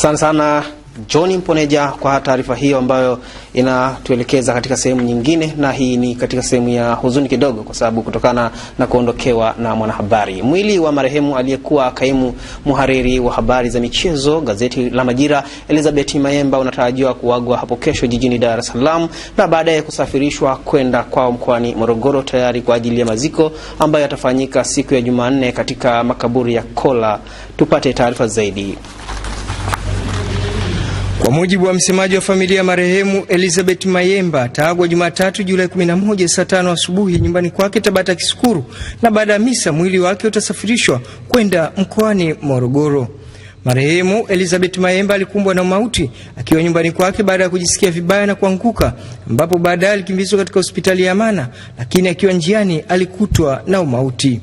Asante sana John Mponeja kwa taarifa hiyo ambayo inatuelekeza katika sehemu nyingine, na hii ni katika sehemu ya huzuni kidogo, kwa sababu kutokana na kuondokewa na mwanahabari. Mwili wa marehemu aliyekuwa kaimu mhariri wa habari za michezo gazeti la Majira, Elizabeth Mayemba, unatarajiwa kuagwa hapo kesho jijini Dar es Salaam na baadaye kusafirishwa kwenda kwao mkoani Morogoro, tayari kwa ajili ya maziko ambayo yatafanyika siku ya Jumanne katika makaburi ya Kola. Tupate taarifa zaidi. Kwa mujibu wa msemaji wa familia ya marehemu Elizabeth Mayemba, ataagwa Jumatatu Julai 11 saa tano asubuhi nyumbani kwake Tabata Kisukuru, na baada ya misa mwili wake utasafirishwa kwenda mkoani Morogoro. Marehemu Elizabeth Mayemba alikumbwa na mauti akiwa nyumbani kwake baada ya kujisikia vibaya na kuanguka, ambapo baadaye alikimbizwa katika hospitali ya Amana, lakini akiwa njiani alikutwa na umauti.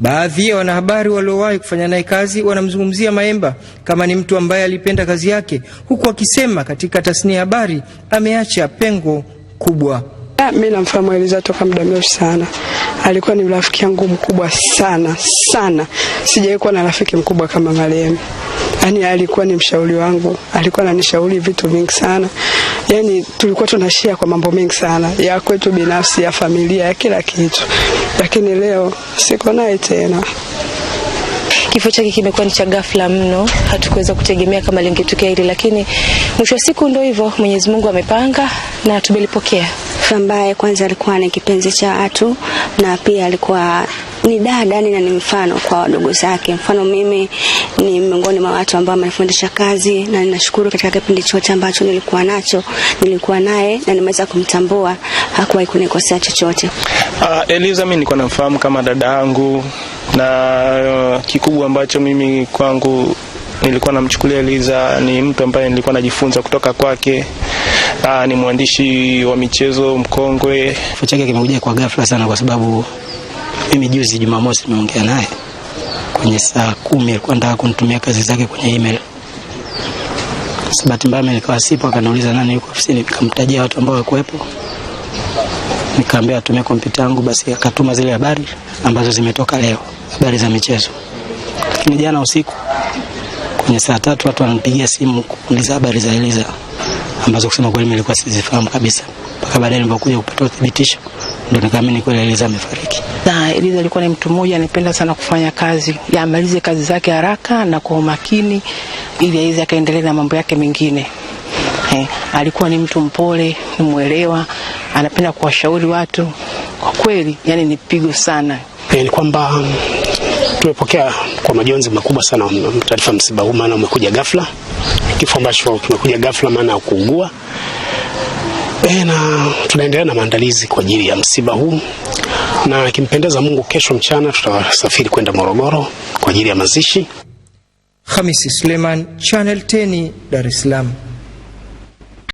Baadhi ya wanahabari waliowahi kufanya naye kazi wanamzungumzia Maemba kama ni mtu ambaye alipenda kazi yake, huku akisema katika tasnia ya habari ameacha pengo kubwa. Mimi ah, namfahamu Eliza toka muda mrefu sana, alikuwa ni rafiki yangu mkubwa sana sana. Sijawahi kuwa na rafiki mkubwa kama marehemu. Yaani alikuwa ni mshauri wangu, alikuwa ananishauri vitu vingi sana. Yaani tulikuwa tunashia kwa mambo mengi sana ya kwetu binafsi, ya familia, ya kila kitu, lakini leo siko naye tena. Kifo chake kimekuwa ni cha ghafla mno, hatukuweza kutegemea kama lingetokea hili, lakini mwisho wa siku ndio hivyo, Mwenyezi Mungu amepanga na tumelipokea. Ambaye kwanza alikuwa ni kipenzi cha watu na pia alikuwa ni dada ni na ni mfano kwa wadogo zake. Mfano mimi ni miongoni mwa watu ambao amenifundisha kazi, na ninashukuru katika kipindi chote ambacho nilikuwa nacho, nilikuwa naye na nimeweza kumtambua, hakuwahi kunikosea chochote. Uh, Eliza mimi nilikuwa namfahamu kama dada yangu na uh, kikubwa ambacho mimi kwangu nilikuwa namchukulia Liza ni mtu ambaye nilikuwa najifunza kutoka kwake. Aa, uh, ni mwandishi wa michezo mkongwe. Kifo chake kimekuja kwa ghafla sana, kwa sababu mimi juzi Jumamosi nimeongea naye kwenye saa kumi, alikuwa anataka kunitumia kazi zake kwenye email. Bahati mbaya nikawa sipo, akaniuliza nani yuko ofisini, nikamtajia watu ambao wakuwepo nikaambia atumie kompyuta yangu, basi akatuma zile habari ambazo zimetoka leo, habari za michezo. Lakini jana usiku kwenye saa tatu watu wanampigia simu kuuliza habari za Eliza ambazo kusema kweli nilikuwa sizifahamu kabisa, mpaka baadaye nilipokuja kupata uthibitisho ndio nikaamini kweli Eliza amefariki. Na Eliza alikuwa ni mtu mmoja anapenda sana kufanya kazi, amalize kazi zake haraka na kwa umakini, ili aweze akaendelea na mambo yake mengine. Eh, alikuwa ni mtu mpole, ni mwelewa, anapenda kuwashauri watu. Kwa kweli, yani ni pigo sana. Eh, ni kwamba mm, tumepokea kwa majonzi makubwa sana mm, taarifa msiba huu, maana umekuja ghafla, kifo ambacho kimekuja ghafla, maana ya kuugua E, na tunaendelea na maandalizi kwa ajili ya msiba huu, na kimpendeza Mungu, kesho mchana tutasafiri kwenda Morogoro kwa ajili ya mazishi. Hamisi Suleiman, Channel 10, Dar es Salaam.